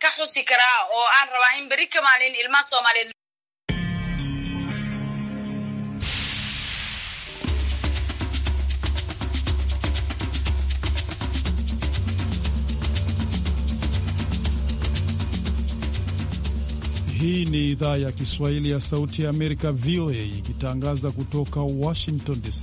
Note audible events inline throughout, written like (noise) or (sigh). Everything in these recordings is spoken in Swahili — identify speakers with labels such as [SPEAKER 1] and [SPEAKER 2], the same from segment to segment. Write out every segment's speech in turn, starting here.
[SPEAKER 1] ka xusi karaa oo aan rabaa in beri ka maalin ilmaha soomaaliyeed
[SPEAKER 2] Hii ni idhaa ya Kiswahili ya Sauti ya Amerika, VOA, ikitangaza kutoka Washington DC.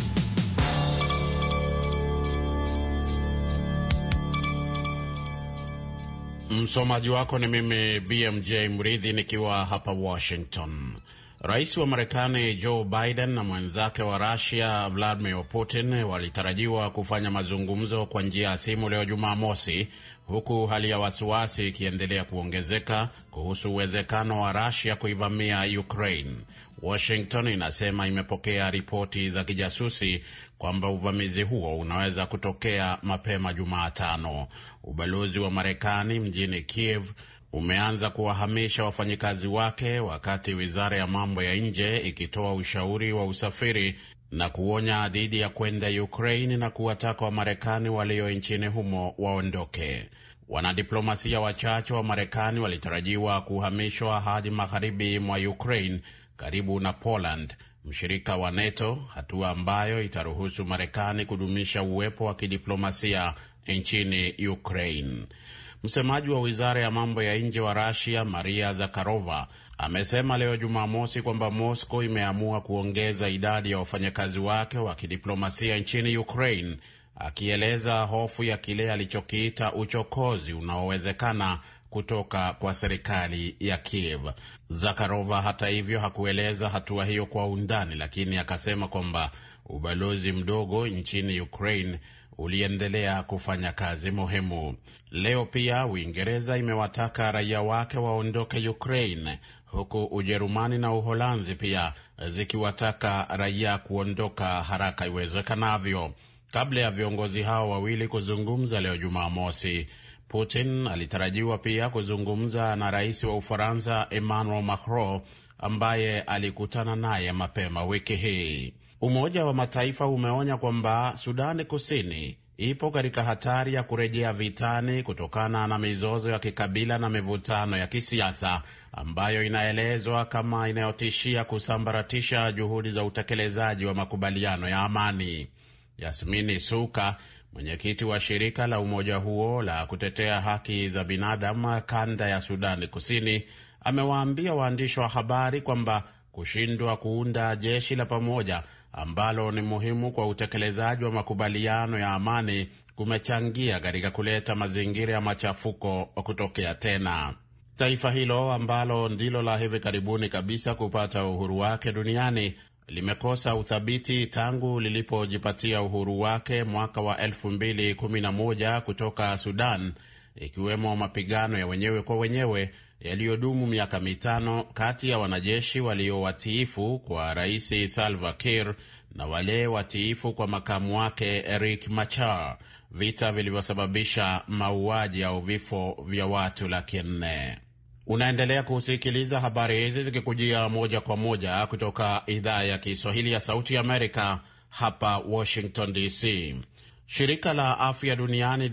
[SPEAKER 3] Msomaji wako ni mimi BMJ Mridhi nikiwa hapa Washington. Rais wa Marekani Joe Biden na mwenzake wa Rusia Vladimir Putin walitarajiwa kufanya mazungumzo kwa njia ya simu leo Jumamosi, huku hali ya wasiwasi ikiendelea kuongezeka kuhusu uwezekano wa Rusia kuivamia Ukraine. Washington inasema imepokea ripoti za kijasusi kwamba uvamizi huo unaweza kutokea mapema Jumatano. Ubalozi wa Marekani mjini Kiev umeanza kuwahamisha wafanyikazi wake wakati wizara ya mambo ya nje ikitoa ushauri wa usafiri na kuonya dhidi ya kwenda Ukraine na kuwataka Wamarekani walio nchini humo waondoke. Wanadiplomasia wachache wa Marekani walitarajiwa kuhamishwa hadi magharibi mwa Ukraine karibu na Poland mshirika wa NATO, hatua ambayo itaruhusu Marekani kudumisha uwepo wa kidiplomasia nchini Ukraine. Msemaji wa wizara ya mambo ya nje wa Rasia, Maria Zakharova, amesema leo Jumamosi kwamba Moscow imeamua kuongeza idadi ya wafanyakazi wake wa kidiplomasia nchini Ukraine, akieleza hofu ya kile alichokiita uchokozi unaowezekana kutoka kwa serikali ya Kiev. Zakharova hata hivyo hakueleza hatua hiyo kwa undani, lakini akasema kwamba ubalozi mdogo nchini Ukraine uliendelea kufanya kazi muhimu. Leo pia Uingereza imewataka raia wake waondoke Ukraine, huku Ujerumani na Uholanzi pia zikiwataka raia kuondoka haraka iwezekanavyo. Kabla ya viongozi hao wawili kuzungumza leo Jumamosi, Putin alitarajiwa pia kuzungumza na rais wa Ufaransa Emmanuel Macron ambaye alikutana naye mapema wiki hii. Umoja wa Mataifa umeonya kwamba Sudani Kusini ipo katika hatari ya kurejea vitani kutokana na mizozo ya kikabila na mivutano ya kisiasa ambayo inaelezwa kama inayotishia kusambaratisha juhudi za utekelezaji wa makubaliano ya amani. Yasmini Suka Mwenyekiti wa shirika la umoja huo la kutetea haki za binadamu kanda ya Sudani Kusini amewaambia waandishi wa habari kwamba kushindwa kuunda jeshi la pamoja ambalo ni muhimu kwa utekelezaji wa makubaliano ya amani kumechangia katika kuleta mazingira ya machafuko kutokea tena. Taifa hilo ambalo ndilo la hivi karibuni kabisa kupata uhuru wake duniani limekosa uthabiti tangu lilipojipatia uhuru wake mwaka wa 2011 kutoka Sudan, ikiwemo mapigano ya wenyewe kwa wenyewe yaliyodumu miaka mitano kati ya wanajeshi waliowatiifu kwa Rais Salva Kiir na wale watiifu kwa makamu wake erik Machar, vita vilivyosababisha mauaji au vifo vya watu laki nne. Unaendelea kusikiliza habari hizi zikikujia moja kwa moja kutoka idhaa ya Kiswahili ya Sauti Amerika hapa Washington DC. Shirika la Afya Duniani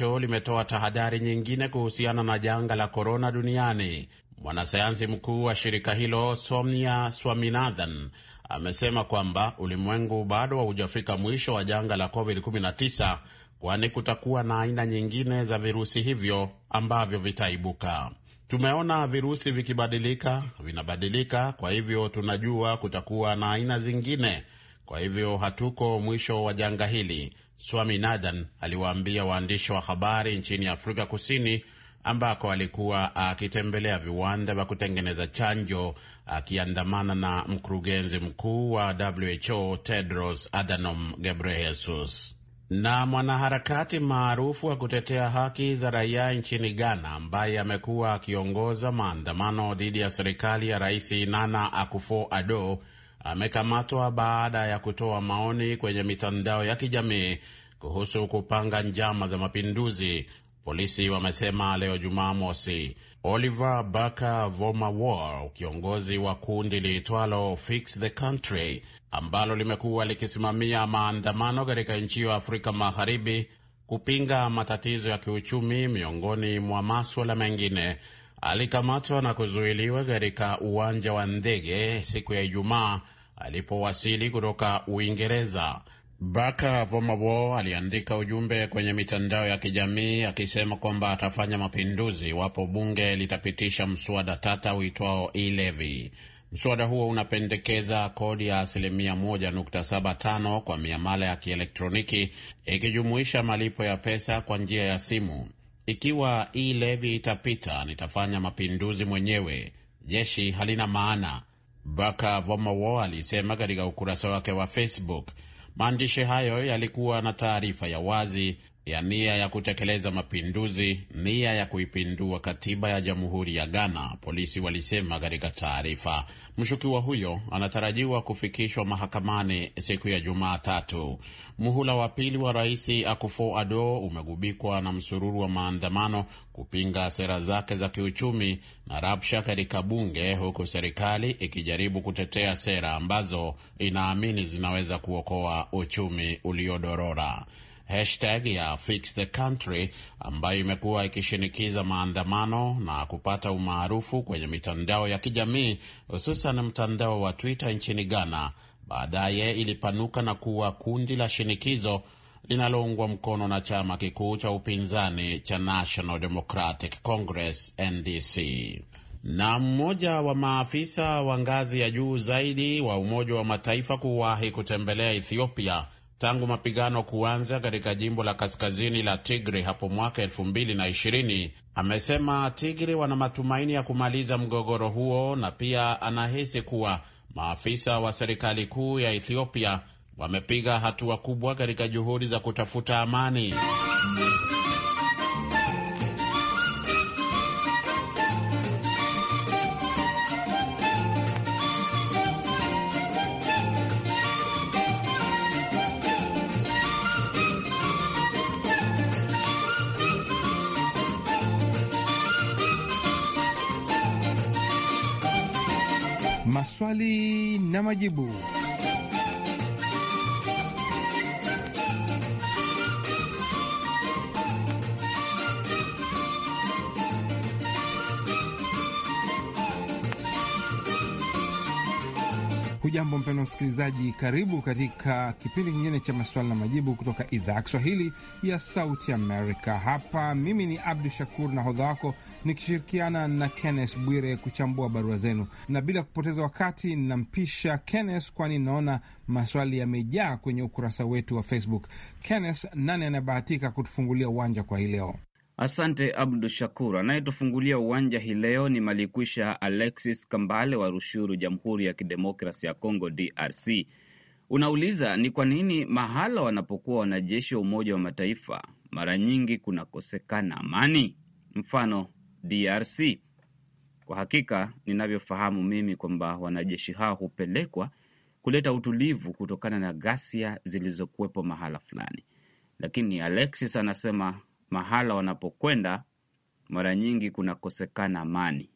[SPEAKER 3] WHO limetoa tahadhari nyingine kuhusiana na janga la korona duniani. Mwanasayansi mkuu wa shirika hilo Somnia Swaminathan amesema kwamba ulimwengu bado haujafika mwisho wa janga la COVID-19 kwani kutakuwa na aina nyingine za virusi hivyo ambavyo vitaibuka. Tumeona virusi vikibadilika, vinabadilika, kwa hivyo tunajua kutakuwa na aina zingine, kwa hivyo hatuko mwisho wa janga hili, Swaminathan aliwaambia waandishi wa habari nchini Afrika Kusini ambako alikuwa akitembelea viwanda vya kutengeneza chanjo akiandamana na mkurugenzi mkuu wa WHO Tedros Adhanom Ghebreyesus. Na mwanaharakati maarufu wa kutetea haki za raia nchini Ghana ambaye amekuwa akiongoza maandamano dhidi ya serikali ya Rais Nana Akufo-Addo amekamatwa baada ya kutoa maoni kwenye mitandao ya kijamii kuhusu kupanga njama za mapinduzi, polisi wamesema leo Jumamosi. Oliver voma war kiongozi wa kundi liitwalo Fix the Country ambalo limekuwa likisimamia maandamano katika nchi ya Afrika Magharibi kupinga matatizo ya kiuchumi miongoni mwa maswala mengine, alikamatwa na kuzuiliwa katika uwanja wa ndege siku ya Ijumaa alipowasili kutoka Uingereza. Baka Vomawo aliandika ujumbe kwenye mitandao ya kijamii akisema kwamba atafanya mapinduzi iwapo bunge litapitisha mswada tata uitwao e-levy. Mswada huo unapendekeza kodi ya asilimia 1.75 kwa miamala ya kielektroniki ikijumuisha malipo ya pesa kwa njia ya simu. Ikiwa e-levy itapita, nitafanya mapinduzi mwenyewe. Jeshi halina maana, Baka Vomawo alisema katika ukurasa wake wa Facebook. Maandishi hayo yalikuwa na taarifa ya wazi ya nia ya kutekeleza mapinduzi, nia ya kuipindua katiba ya jamhuri ya Ghana, polisi walisema katika taarifa. Mshukiwa huyo anatarajiwa kufikishwa mahakamani siku ya Jumatatu. Muhula wa pili wa Rais Akufo-Addo umegubikwa na msururu wa maandamano kupinga sera zake za kiuchumi na rabsha katika bunge, huku serikali ikijaribu kutetea sera ambazo inaamini zinaweza kuokoa uchumi uliodorora hashtag ya Fix the Country ambayo imekuwa ikishinikiza maandamano na kupata umaarufu kwenye mitandao ya kijamii hususan mtandao wa Twitter nchini Ghana. Baadaye ilipanuka na kuwa kundi la shinikizo linaloungwa mkono na chama kikuu cha upinzani cha National Democratic Congress NDC. Na mmoja wa maafisa wa ngazi ya juu zaidi wa Umoja wa Mataifa kuwahi kutembelea Ethiopia tangu mapigano kuanza katika jimbo la kaskazini la Tigri hapo mwaka elfu mbili na ishirini. Amesema Tigri wana matumaini ya kumaliza mgogoro huo na pia anahisi kuwa maafisa wa serikali kuu ya Ethiopia wamepiga hatua kubwa katika juhudi za kutafuta amani.
[SPEAKER 4] majibu. Hujambo mpendwa msikilizaji, karibu katika kipindi kingine cha maswali na majibu kutoka idhaa ya Kiswahili ya Sauti Amerika. Hapa mimi ni Abdu Shakur na hodha wako nikishirikiana na Kennes Bwire kuchambua barua zenu, na bila kupoteza wakati nampisha Kennes kwani naona maswali yamejaa kwenye ukurasa wetu wa Facebook. Kennes, nani anayebahatika kutufungulia uwanja kwa hii leo?
[SPEAKER 1] Asante Abdu Shakur. Anayetufungulia uwanja hii leo ni Malikwisha Alexis Kambale wa Rushuru, Jamhuri ya Kidemokrasi ya congo DRC. Unauliza ni kwa nini mahala wanapokuwa wanajeshi wa Umoja wa Mataifa mara nyingi kunakosekana amani, mfano DRC. Kwa hakika ninavyofahamu mimi kwamba wanajeshi hao hupelekwa kuleta utulivu kutokana na ghasia zilizokuwepo mahala fulani, lakini Alexis anasema mahala wanapokwenda mara nyingi kunakosekana amani.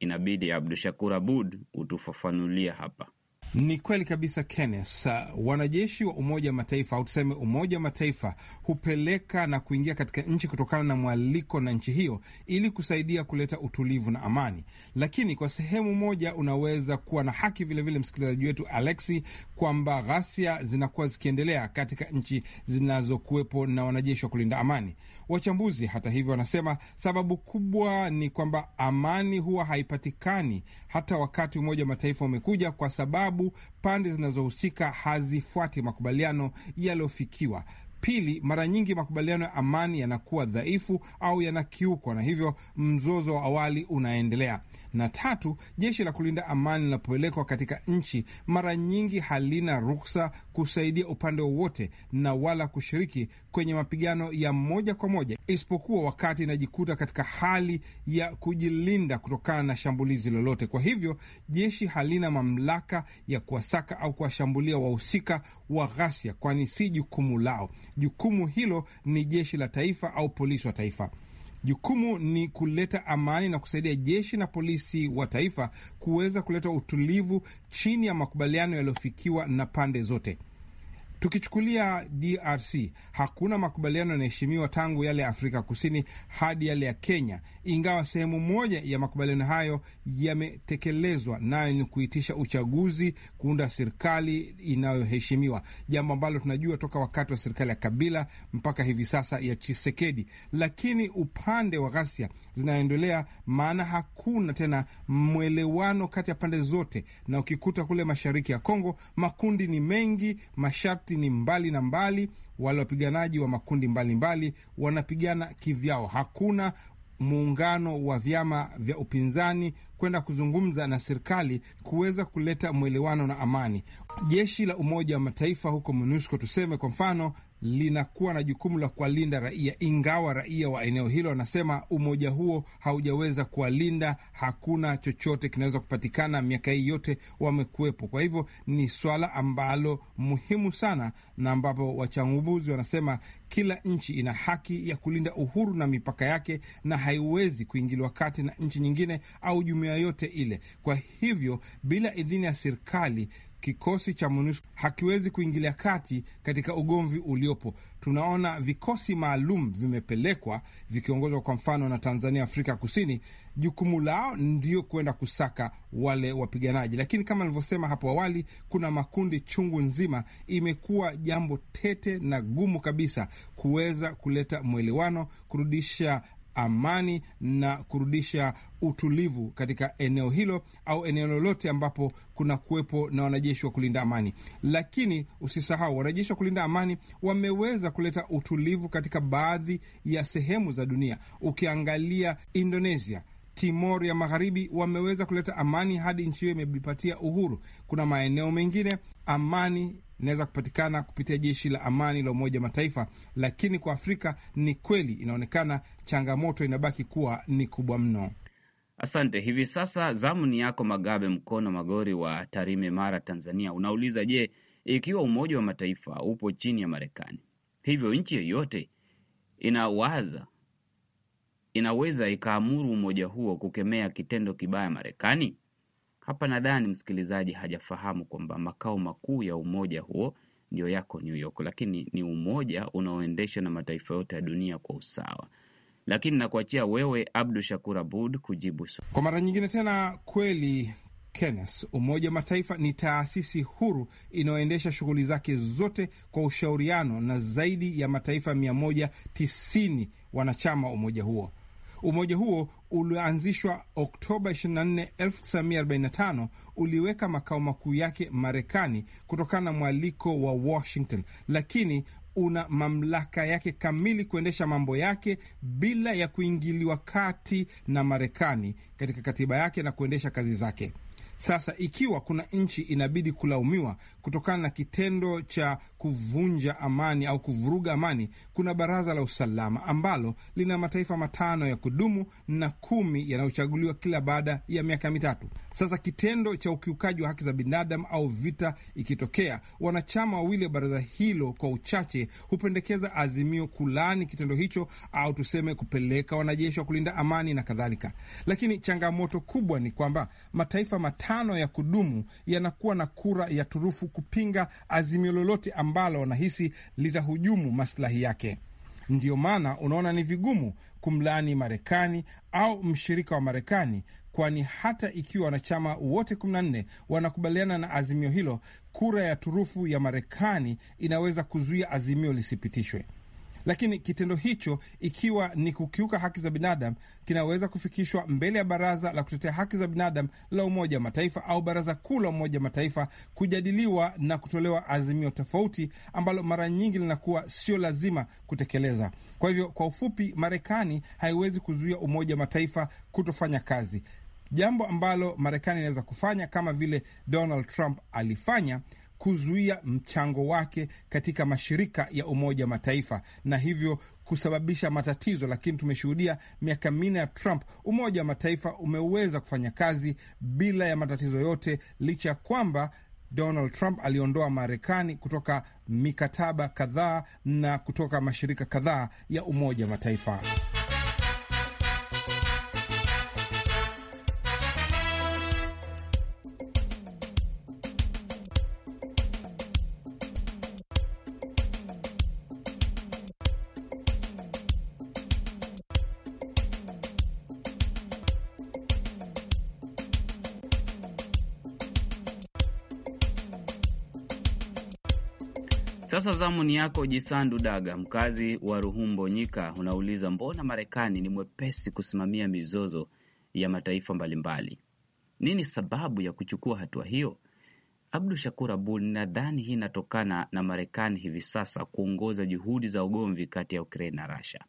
[SPEAKER 1] Inabidi abdu shakur Abud utufafanulia hapa.
[SPEAKER 4] Ni kweli kabisa Kenneth. Uh, wanajeshi wa Umoja wa Mataifa au tuseme Umoja wa Mataifa hupeleka na kuingia katika nchi kutokana na mwaliko na nchi hiyo, ili kusaidia kuleta utulivu na amani. Lakini kwa sehemu moja, unaweza kuwa na haki vilevile, msikilizaji wetu Alexi, kwamba ghasia zinakuwa zikiendelea katika nchi zinazokuwepo na wanajeshi wa kulinda amani. Wachambuzi hata hivyo, wanasema sababu kubwa ni kwamba amani huwa haipatikani hata wakati Umoja wa Mataifa umekuja kwa sababu sababu pande zinazohusika hazifuati makubaliano yaliyofikiwa. Pili, mara nyingi makubaliano ya amani yanakuwa dhaifu au yanakiukwa, na hivyo mzozo wa awali unaendelea. Na tatu, jeshi la kulinda amani linapopelekwa katika nchi mara nyingi halina ruksa kusaidia upande wowote na wala kushiriki kwenye mapigano ya moja kwa moja, isipokuwa wakati inajikuta katika hali ya kujilinda kutokana na shambulizi lolote. Kwa hivyo jeshi halina mamlaka ya kuwasaka au kuwashambulia wahusika wa ghasia, kwani si jukumu lao. Jukumu hilo ni jeshi la taifa au polisi wa taifa. Jukumu ni kuleta amani na kusaidia jeshi na polisi wa taifa kuweza kuleta utulivu chini ya makubaliano yaliyofikiwa na pande zote. Tukichukulia DRC, hakuna makubaliano yanaheshimiwa tangu yale ya Afrika Kusini hadi yale ya Kenya, ingawa sehemu moja ya makubaliano hayo yametekelezwa, nayo ni kuitisha uchaguzi, kuunda serikali inayoheshimiwa, jambo ambalo tunajua toka wakati wa serikali ya Kabila mpaka hivi sasa ya Chisekedi. Lakini upande wa ghasia zinaendelea, maana hakuna tena mwelewano kati ya pande zote, na ukikuta kule mashariki ya Kongo makundi ni mengi, masharti wakati ni mbali na mbali, wale wapiganaji wa makundi mbalimbali mbali, wanapigana kivyao. Hakuna muungano wa vyama vya upinzani kwenda kuzungumza na serikali kuweza kuleta mwelewano na amani. Jeshi la Umoja wa Mataifa huko MONUSCO tuseme kwa mfano linakuwa na jukumu la kuwalinda raia, ingawa raia wa eneo hilo wanasema umoja huo haujaweza kuwalinda. Hakuna chochote kinaweza kupatikana, miaka hii yote wamekuwepo. Kwa hivyo ni swala ambalo muhimu sana, na ambapo wachambuzi wanasema kila nchi ina haki ya kulinda uhuru na mipaka yake, na haiwezi kuingiliwa kati na nchi nyingine au jumuiya yote ile. Kwa hivyo bila idhini ya serikali kikosi cha MONUSCO hakiwezi kuingilia kati katika ugomvi uliopo. Tunaona vikosi maalum vimepelekwa vikiongozwa kwa mfano na Tanzania, Afrika Kusini. Jukumu lao ndio kuenda kusaka wale wapiganaji, lakini kama nilivyosema hapo awali, kuna makundi chungu nzima. Imekuwa jambo tete na gumu kabisa kuweza kuleta mwelewano, kurudisha amani na kurudisha utulivu katika eneo hilo au eneo lolote ambapo kuna kuwepo na wanajeshi wa kulinda amani. Lakini usisahau wanajeshi wa kulinda amani wameweza kuleta utulivu katika baadhi ya sehemu za dunia. Ukiangalia Indonesia, Timor ya Magharibi wameweza kuleta amani hadi nchi hiyo imejipatia uhuru. Kuna maeneo mengine amani inaweza kupatikana kupitia jeshi la amani la Umoja wa Mataifa, lakini kwa Afrika ni kweli inaonekana changamoto inabaki kuwa ni kubwa mno.
[SPEAKER 1] Asante. Hivi sasa zamu ni yako Magabe Mkono Magori wa Tarime, Mara, Tanzania. Unauliza, je, ikiwa Umoja wa Mataifa upo chini ya Marekani, hivyo nchi yoyote inawaza inaweza ikaamuru umoja huo kukemea kitendo kibaya Marekani? Hapa nadhani msikilizaji hajafahamu kwamba makao makuu ya umoja huo ndio yako New York, lakini ni umoja unaoendeshwa na mataifa yote ya dunia kwa usawa. Lakini nakuachia wewe Abdu Shakur Abud kujibu so.
[SPEAKER 4] kwa mara nyingine tena. Kweli Kenneth, Umoja wa Mataifa ni taasisi huru inayoendesha shughuli zake zote kwa ushauriano na zaidi ya mataifa 190 wanachama umoja huo. Umoja huo ulioanzishwa Oktoba 24, 1945 uliweka makao makuu yake Marekani kutokana na mwaliko wa Washington, lakini una mamlaka yake kamili kuendesha mambo yake bila ya kuingiliwa kati na Marekani katika katiba yake na kuendesha kazi zake. Sasa ikiwa kuna nchi inabidi kulaumiwa kutokana na kitendo cha kuvunja amani au kuvuruga amani, kuna Baraza la Usalama ambalo lina mataifa matano ya kudumu na kumi yanayochaguliwa kila baada ya miaka mitatu. Sasa kitendo cha ukiukaji wa haki za binadamu au vita ikitokea, wanachama wawili wa baraza hilo kwa uchache hupendekeza azimio kulaani kitendo hicho, au tuseme kupeleka wanajeshi wa kulinda amani na kadhalika. Lakini changamoto kubwa ni kwamba mataifa matano matano ya kudumu yanakuwa na kura ya turufu kupinga azimio lolote ambalo wanahisi litahujumu maslahi yake. Ndiyo maana unaona ni vigumu kumlaani Marekani au mshirika wa Marekani, kwani hata ikiwa wanachama wote 14 wanakubaliana na azimio hilo, kura ya turufu ya Marekani inaweza kuzuia azimio lisipitishwe. Lakini kitendo hicho, ikiwa ni kukiuka haki za binadamu, kinaweza kufikishwa mbele ya Baraza la Kutetea Haki za Binadamu la Umoja wa Mataifa au Baraza Kuu la Umoja wa Mataifa kujadiliwa na kutolewa azimio tofauti, ambalo mara nyingi linakuwa sio lazima kutekeleza. Kwa hivyo, kwa ufupi, Marekani haiwezi kuzuia Umoja wa Mataifa kutofanya kazi. Jambo ambalo Marekani inaweza kufanya kama vile Donald Trump alifanya kuzuia mchango wake katika mashirika ya Umoja Mataifa na hivyo kusababisha matatizo. Lakini tumeshuhudia miaka minne ya Trump, Umoja wa Mataifa umeweza kufanya kazi bila ya matatizo yote, licha ya kwamba Donald Trump aliondoa Marekani kutoka mikataba kadhaa na kutoka mashirika kadhaa ya Umoja Mataifa.
[SPEAKER 1] Sasa zamu ni yako Jisandu Daga, mkazi wa Ruhumbo Nyika, unauliza mbona Marekani ni mwepesi kusimamia mizozo ya mataifa mbalimbali? Nini sababu ya kuchukua hatua hiyo? Abdu Shakur abul nadhani hii inatokana na Marekani hivi sasa kuongoza juhudi za ugomvi kati ya Ukraine na rusia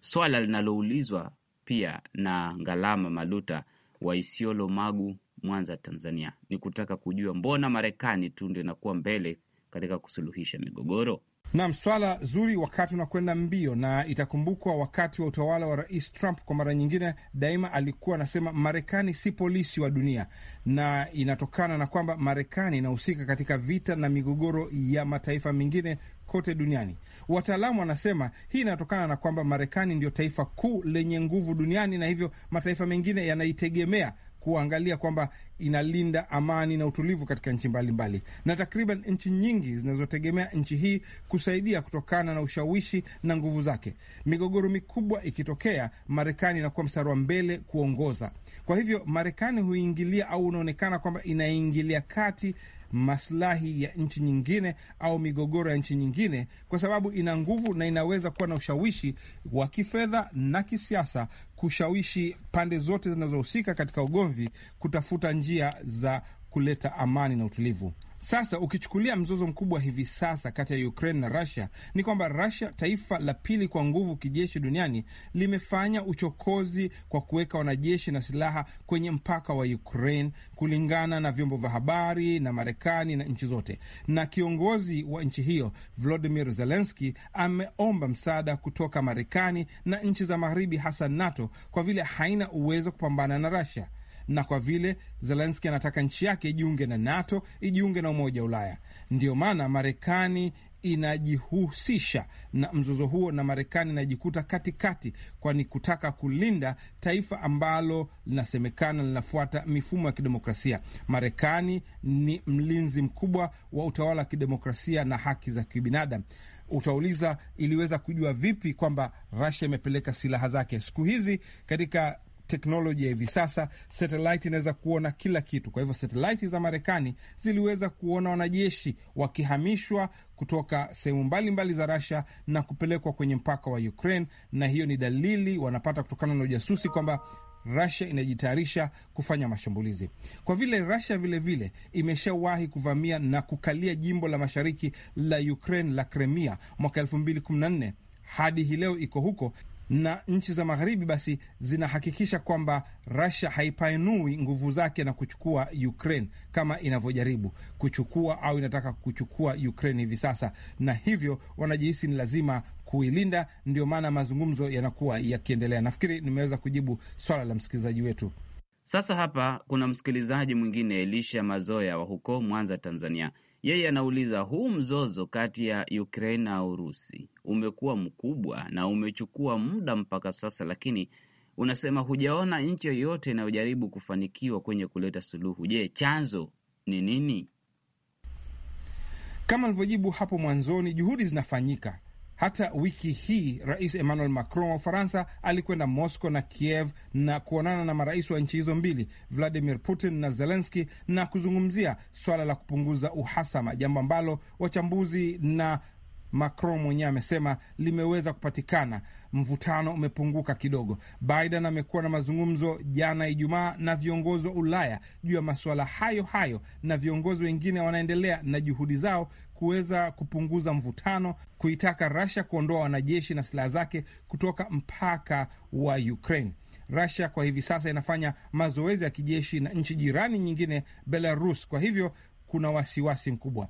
[SPEAKER 1] swala linaloulizwa pia na Ngalama Maluta wa Isiolo, Magu, Mwanza, Tanzania, ni kutaka kujua mbona Marekani tu ndio inakuwa mbele katika kusuluhisha migogoro.
[SPEAKER 4] Nam, swala zuri, wakati unakwenda mbio, na itakumbukwa wakati wa utawala wa Rais Trump kwa mara nyingine, daima alikuwa anasema Marekani si polisi wa dunia, na inatokana na kwamba Marekani inahusika katika vita na migogoro ya mataifa mengine kote duniani. Wataalamu wanasema hii inatokana na kwamba Marekani ndio taifa kuu lenye nguvu duniani, na hivyo mataifa mengine yanaitegemea kuangalia kwamba inalinda amani na utulivu katika nchi mbalimbali, na takriban nchi nyingi zinazotegemea nchi hii kusaidia kutokana na ushawishi na nguvu zake. Migogoro mikubwa ikitokea, Marekani inakuwa mstari wa mbele kuongoza. Kwa hivyo, Marekani huingilia au unaonekana kwamba inaingilia kati maslahi ya nchi nyingine au migogoro ya nchi nyingine, kwa sababu ina nguvu na inaweza kuwa na ushawishi wa kifedha na kisiasa kushawishi pande zote zinazohusika katika ugomvi kutafuta njia za kuleta amani na utulivu. Sasa ukichukulia mzozo mkubwa hivi sasa kati ya Ukraine na Russia ni kwamba Russia, taifa la pili kwa nguvu kijeshi duniani, limefanya uchokozi kwa kuweka wanajeshi na silaha kwenye mpaka wa Ukraine, kulingana na vyombo vya habari na Marekani na nchi zote. Na kiongozi wa nchi hiyo Volodymyr Zelensky ameomba msaada kutoka Marekani na nchi za Magharibi, hasa NATO, kwa vile haina uwezo kupambana na Russia na kwa vile Zelenski anataka nchi yake ijiunge na NATO, ijiunge na Umoja wa Ulaya. Ndiyo maana Marekani inajihusisha na mzozo huo na Marekani inajikuta katikati, kwani kutaka kulinda taifa ambalo linasemekana linafuata mifumo ya kidemokrasia. Marekani ni mlinzi mkubwa wa utawala wa kidemokrasia na haki za kibinadamu. Utauliza, iliweza kujua vipi kwamba Russia imepeleka silaha zake? Siku hizi katika teknolojia hivi sasa, satelaiti inaweza kuona kila kitu. Kwa hivyo satelaiti za Marekani ziliweza kuona wanajeshi wakihamishwa kutoka sehemu mbalimbali za rasia na kupelekwa kwenye mpaka wa Ukraine, na hiyo ni dalili wanapata kutokana na ujasusi kwamba rasia inajitayarisha kufanya mashambulizi. Kwa vile rasia vilevile imeshawahi kuvamia na kukalia jimbo la mashariki la Ukraine la Crimea mwaka 2014 hadi hii leo iko huko na nchi za magharibi basi zinahakikisha kwamba Russia haipanui nguvu zake na kuchukua Ukraine kama inavyojaribu kuchukua au inataka kuchukua Ukraine hivi sasa, na hivyo wanajihisi ni lazima kuilinda. Ndio maana mazungumzo yanakuwa yakiendelea. Nafikiri nimeweza kujibu swala la msikilizaji wetu.
[SPEAKER 1] Sasa hapa kuna msikilizaji mwingine Elisha Mazoya wa huko Mwanza, Tanzania. Yeye anauliza huu mzozo kati ya Ukraine na Urusi umekuwa mkubwa na umechukua muda mpaka sasa, lakini unasema hujaona nchi yoyote inayojaribu kufanikiwa kwenye kuleta suluhu. Je, chanzo ni nini?
[SPEAKER 4] Kama alivyojibu hapo mwanzoni, juhudi zinafanyika hata wiki hii Rais Emmanuel Macron wa Ufaransa alikwenda Moscow na Kiev na kuonana na marais wa nchi hizo mbili Vladimir Putin na Zelenski na kuzungumzia swala la kupunguza uhasama, jambo ambalo wachambuzi na Macron mwenyewe amesema limeweza kupatikana. Mvutano umepunguka kidogo. Biden amekuwa na mazungumzo jana Ijumaa na viongozi wa Ulaya juu ya masuala hayo hayo, na viongozi wengine wanaendelea na juhudi zao kuweza kupunguza mvutano, kuitaka Russia kuondoa wanajeshi na silaha zake kutoka mpaka wa Ukraine. Russia kwa hivi sasa inafanya mazoezi ya kijeshi na nchi jirani nyingine Belarus, kwa hivyo kuna wasiwasi mkubwa.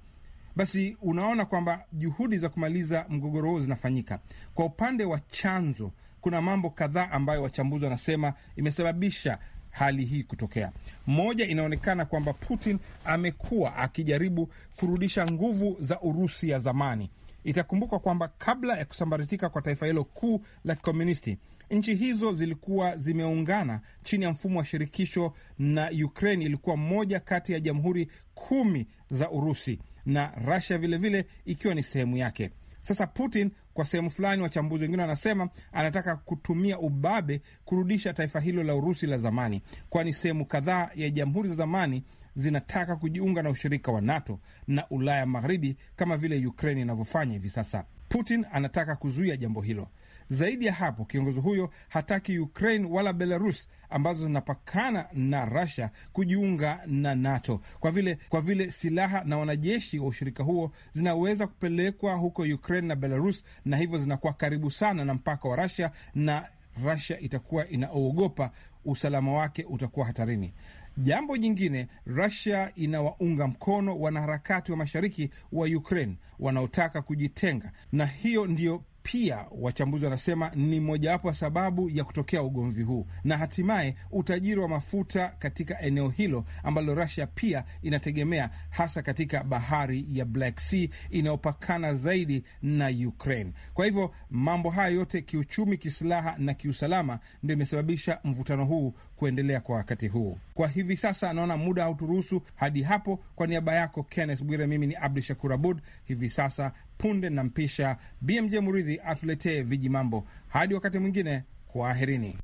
[SPEAKER 4] Basi unaona kwamba juhudi za kumaliza mgogoro huo zinafanyika. Kwa upande wa chanzo, kuna mambo kadhaa ambayo wachambuzi wanasema imesababisha hali hii kutokea. Moja, inaonekana kwamba Putin amekuwa akijaribu kurudisha nguvu za Urusi ya zamani. Itakumbuka kwamba kabla ya kusambaratika kwa taifa hilo kuu la kikomunisti, nchi hizo zilikuwa zimeungana chini ya mfumo wa shirikisho, na Ukraine ilikuwa moja kati ya jamhuri kumi za Urusi na Russia vilevile ikiwa ni sehemu yake. Sasa Putin kwa sehemu fulani, wachambuzi wengine wanasema anataka kutumia ubabe kurudisha taifa hilo la Urusi la zamani, kwani sehemu kadhaa ya jamhuri za zamani zinataka kujiunga na ushirika wa NATO na Ulaya Magharibi kama vile Ukraini inavyofanya hivi sasa. Putin anataka kuzuia jambo hilo. Zaidi ya hapo, kiongozi huyo hataki Ukraine wala Belarus ambazo zinapakana na Russia kujiunga na NATO kwa vile, kwa vile silaha na wanajeshi wa ushirika huo zinaweza kupelekwa huko Ukraine na Belarus na hivyo zinakuwa karibu sana na mpaka wa Russia na Russia itakuwa inaogopa, usalama wake utakuwa hatarini. Jambo jingine, Russia inawaunga mkono wanaharakati wa mashariki wa Ukraine wanaotaka kujitenga, na hiyo ndiyo pia wachambuzi wanasema ni mojawapo ya sababu ya kutokea ugomvi huu na hatimaye utajiri wa mafuta katika eneo hilo ambalo Russia pia inategemea, hasa katika bahari ya Black Sea inayopakana zaidi na Ukraine. Kwa hivyo mambo haya yote kiuchumi, kisilaha na kiusalama ndio imesababisha mvutano huu kuendelea kwa wakati huu. Kwa hivi sasa naona muda hauturuhusu hadi hapo. Kwa niaba yako Kenneth Bwire, mimi ni Abdu Shakur Abud, hivi sasa punde nampisha BMJ Muridhi atuletee viji mambo. Hadi wakati mwingine, kwaherini.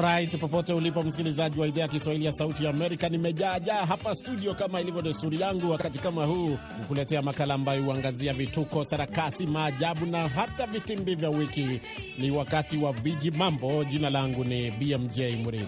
[SPEAKER 3] Right, popote ulipo msikilizaji wa idhaa ya Kiswahili ya Sauti ya Amerika, nimejaajaa hapa studio kama ilivyo desturi yangu wakati kama huu kukuletea makala ambayo huangazia vituko, sarakasi, maajabu na hata vitimbi vya wiki. Ni wakati wa viji mambo. Jina langu ni BMJ Mridhi.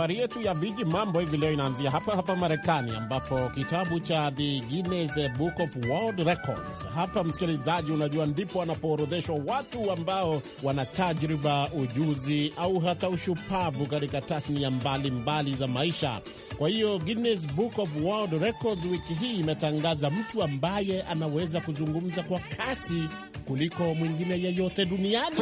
[SPEAKER 3] Safari yetu ya viji mambo hivi leo inaanzia hapa hapa Marekani, ambapo kitabu cha The Guinness Book of World Records, hapa msikilizaji, unajua ndipo wanapoorodheshwa watu ambao wana tajriba, ujuzi au hata ushupavu katika tasnia mbalimbali za maisha. Kwa hiyo Guinness Book of World Records wiki hii imetangaza mtu ambaye anaweza kuzungumza kwa kasi kuliko
[SPEAKER 4] mwingine yeyote duniani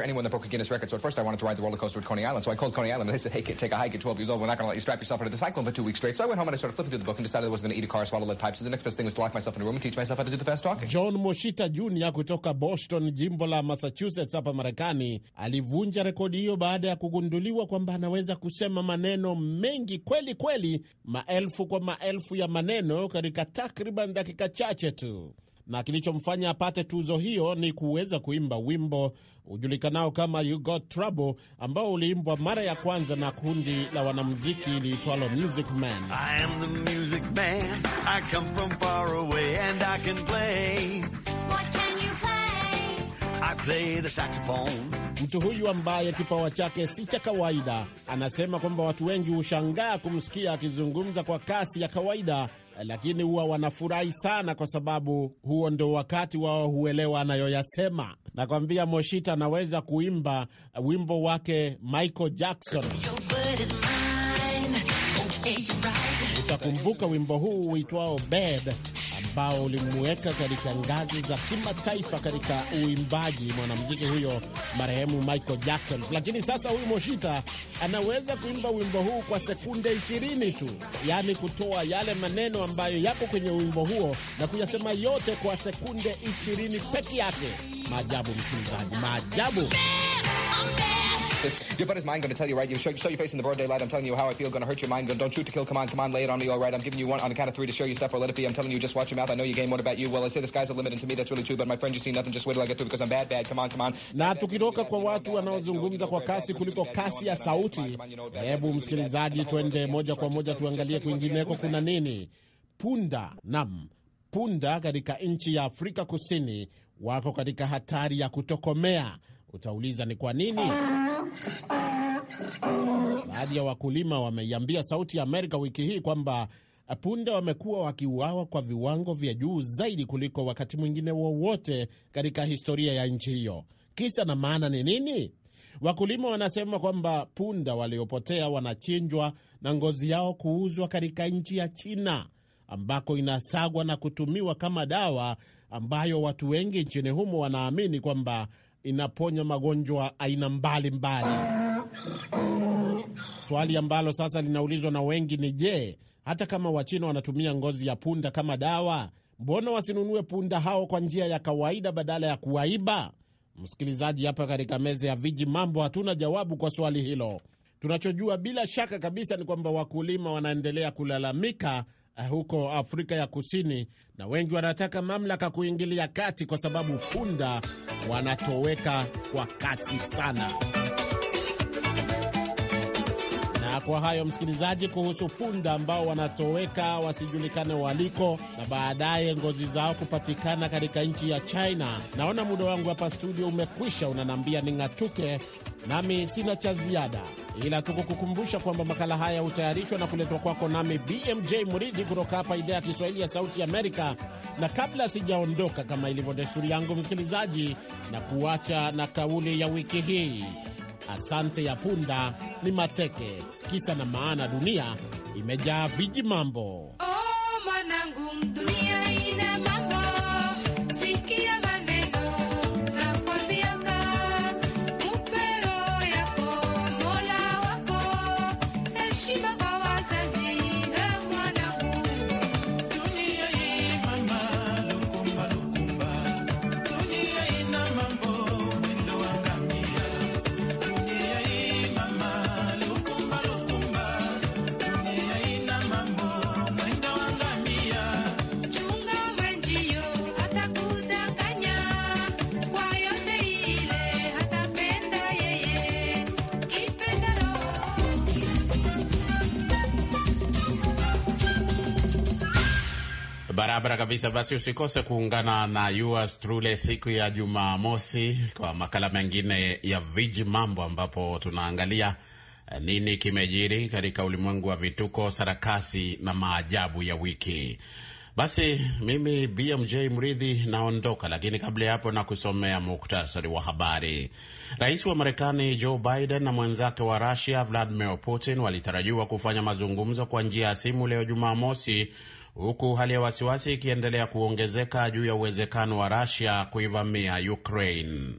[SPEAKER 4] for anyone that broke a Guinness record. So at first I wanted to ride the roller coaster at Coney Island. So I called Coney Island and they said, hey, kid, take a hike at 12 years old. We're not going to let you strap yourself into the cyclone for two weeks straight. So I went home and I started flipping through the book and decided I was going to eat a car, swallow lead pipes. So the next best thing was to lock myself in a room and teach myself how to do the fast talking. John Moshita Jr. kutoka Boston, jimbo la
[SPEAKER 3] Massachusetts hapa Marekani, alivunja rekodi hiyo baada ya kugunduliwa kwamba anaweza kusema maneno mengi kweli kweli, maelfu kwa maelfu ya maneno katika takriban dakika chache tu na kilichomfanya apate tuzo hiyo ni kuweza kuimba wimbo ujulikanao kama You Got Trouble ambao uliimbwa mara ya kwanza na kundi la wanamuziki liitwalo Music Man.
[SPEAKER 4] I am the music man. I come from far
[SPEAKER 3] away and I can play.
[SPEAKER 4] What can you play?
[SPEAKER 3] I play the saxophone. Mtu huyu ambaye kipawa chake si cha kawaida anasema kwamba watu wengi hushangaa kumsikia akizungumza kwa kasi ya kawaida lakini huwa wanafurahi sana kwa sababu huo ndo wakati wao huelewa anayoyasema. Nakwambia Moshita anaweza kuimba wimbo wake Michael Jackson. Utakumbuka wimbo huu uitwao Bed ambao ulimweka katika ngazi za kimataifa katika uimbaji, mwanamuziki huyo marehemu Michael Jackson. Lakini sasa huyu Moshita anaweza kuimba wimbo huu kwa sekunde ishirini tu, yaani kutoa yale maneno ambayo yako kwenye wimbo huo na kuyasema yote kwa sekunde ishirini peke yake. Maajabu, msikilizaji,
[SPEAKER 4] maajabu this. (laughs) Your butt is mine, gonna tell you, right? You show, show your face in the broad daylight. I'm telling you how I feel. gonna hurt your mind. Gonna, don't shoot to kill. Come on, come on. Lay it on me. All right. I'm giving you one on the count of three to show you stuff or let it be. I'm telling you, just watch your mouth. I know your game. What about you? Well, I say the sky's a limit, and to me that's really true. But my friend, you see nothing. Just wait till I get through because I'm bad, bad. Come on, come on.
[SPEAKER 3] Na tukitoka kwa watu wanaozungumza kwa kasi kuliko kasi ya sauti, hebu msikilizaji, twende moja kwa moja tuangalie kwingineko kuna nini. Punda nam punda katika nchi ya Afrika Kusini wako katika hatari ya kutokomea. Utauliza ni kwa nini? Baadhi ya wakulima wameiambia Sauti ya Amerika wiki hii kwamba punde wamekuwa wakiuawa kwa viwango vya juu zaidi kuliko wakati mwingine wowote wa katika historia ya nchi hiyo. Kisa na maana ni nini? Wakulima wanasema kwamba punda waliopotea wanachinjwa na ngozi yao kuuzwa katika nchi ya China ambako inasagwa na kutumiwa kama dawa ambayo watu wengi nchini humo wanaamini kwamba inaponya magonjwa aina mbalimbali. Swali ambalo sasa linaulizwa na wengi ni je, hata kama Wachina wanatumia ngozi ya punda kama dawa, mbona wasinunue punda hao kwa njia ya kawaida badala ya kuwaiba? Msikilizaji, hapa katika meza ya viji mambo hatuna jawabu kwa swali hilo. Tunachojua bila shaka kabisa ni kwamba wakulima wanaendelea kulalamika Eh, huko Afrika ya Kusini, na wengi wanataka mamlaka kuingilia kati kwa sababu punda wanatoweka kwa kasi sana. Na kwa hayo msikilizaji, kuhusu punda ambao wanatoweka wasijulikane waliko na baadaye ngozi zao kupatikana katika nchi ya China. Naona muda wangu hapa studio umekwisha, unanambia ning'atuke. Nami sina cha ziada ila tukukukumbusha kwamba makala haya hutayarishwa na kuletwa kwako nami BMJ Muridhi kutoka hapa idhaa ya Kiswahili ya Sauti Amerika. Na kabla sijaondoka, kama ilivyo desturi yangu, msikilizaji, na kuacha na kauli ya wiki hii, asante ya punda ni mateke. Kisa na maana, dunia imejaa viji mambo. Barabara kabisa. Basi usikose kuungana na yours truly siku ya Jumamosi kwa makala mengine ya Viji Mambo, ambapo tunaangalia eh, nini kimejiri katika ulimwengu wa vituko, sarakasi na maajabu ya wiki. Basi mimi BMJ Mridhi naondoka, lakini kabla ya hapo, na kusomea muktasari wa habari. Rais wa Marekani Joe Biden na mwenzake wa Rusia Vladimir Putin walitarajiwa kufanya mazungumzo kwa njia ya simu leo Jumamosi huku hali ya wasiwasi ikiendelea kuongezeka juu ya uwezekano wa Russia kuivamia Ukraine.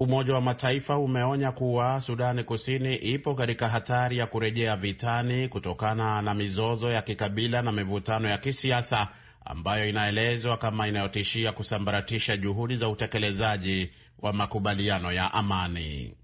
[SPEAKER 3] Umoja wa Mataifa umeonya kuwa Sudani Kusini ipo katika hatari ya kurejea vitani kutokana na mizozo ya kikabila na mivutano ya kisiasa ambayo inaelezwa kama inayotishia kusambaratisha juhudi za utekelezaji wa makubaliano ya amani.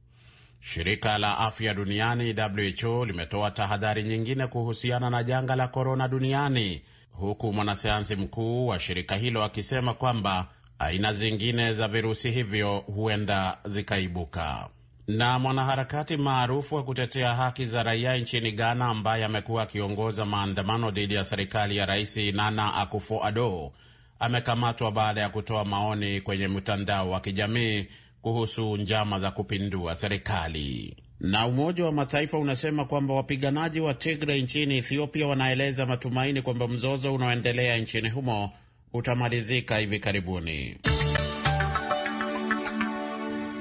[SPEAKER 3] Shirika la Afya Duniani WHO limetoa tahadhari nyingine kuhusiana na janga la korona duniani huku mwanasayansi mkuu wa shirika hilo akisema kwamba aina zingine za virusi hivyo huenda zikaibuka. Na mwanaharakati maarufu wa kutetea haki za raia nchini Ghana ambaye amekuwa akiongoza maandamano dhidi ya serikali ya Rais Nana Akufo-Addo amekamatwa baada ya kutoa maoni kwenye mtandao wa kijamii kuhusu njama za kupindua serikali. Na Umoja wa Mataifa unasema kwamba wapiganaji wa tigre nchini Ethiopia wanaeleza matumaini kwamba mzozo unaoendelea nchini humo utamalizika hivi karibuni.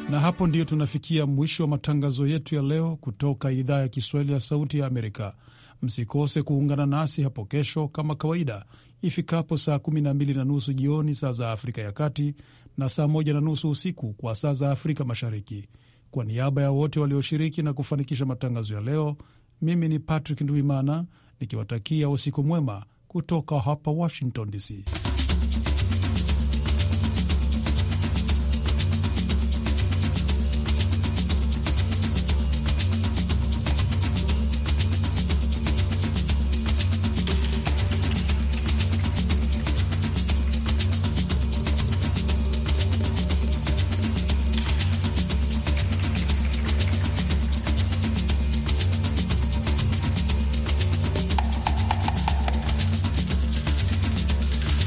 [SPEAKER 2] Na hapo ndiyo tunafikia mwisho wa matangazo yetu ya leo kutoka idhaa ya Kiswahili ya Sauti ya Amerika. Msikose kuungana nasi hapo kesho kama kawaida ifikapo saa 12 na nusu jioni saa za Afrika ya Kati na saa 1 na nusu usiku kwa saa za Afrika Mashariki. Kwa niaba ya wote walioshiriki na kufanikisha matangazo ya leo, mimi ni Patrick nduimana nikiwatakia usiku mwema kutoka hapa Washington DC.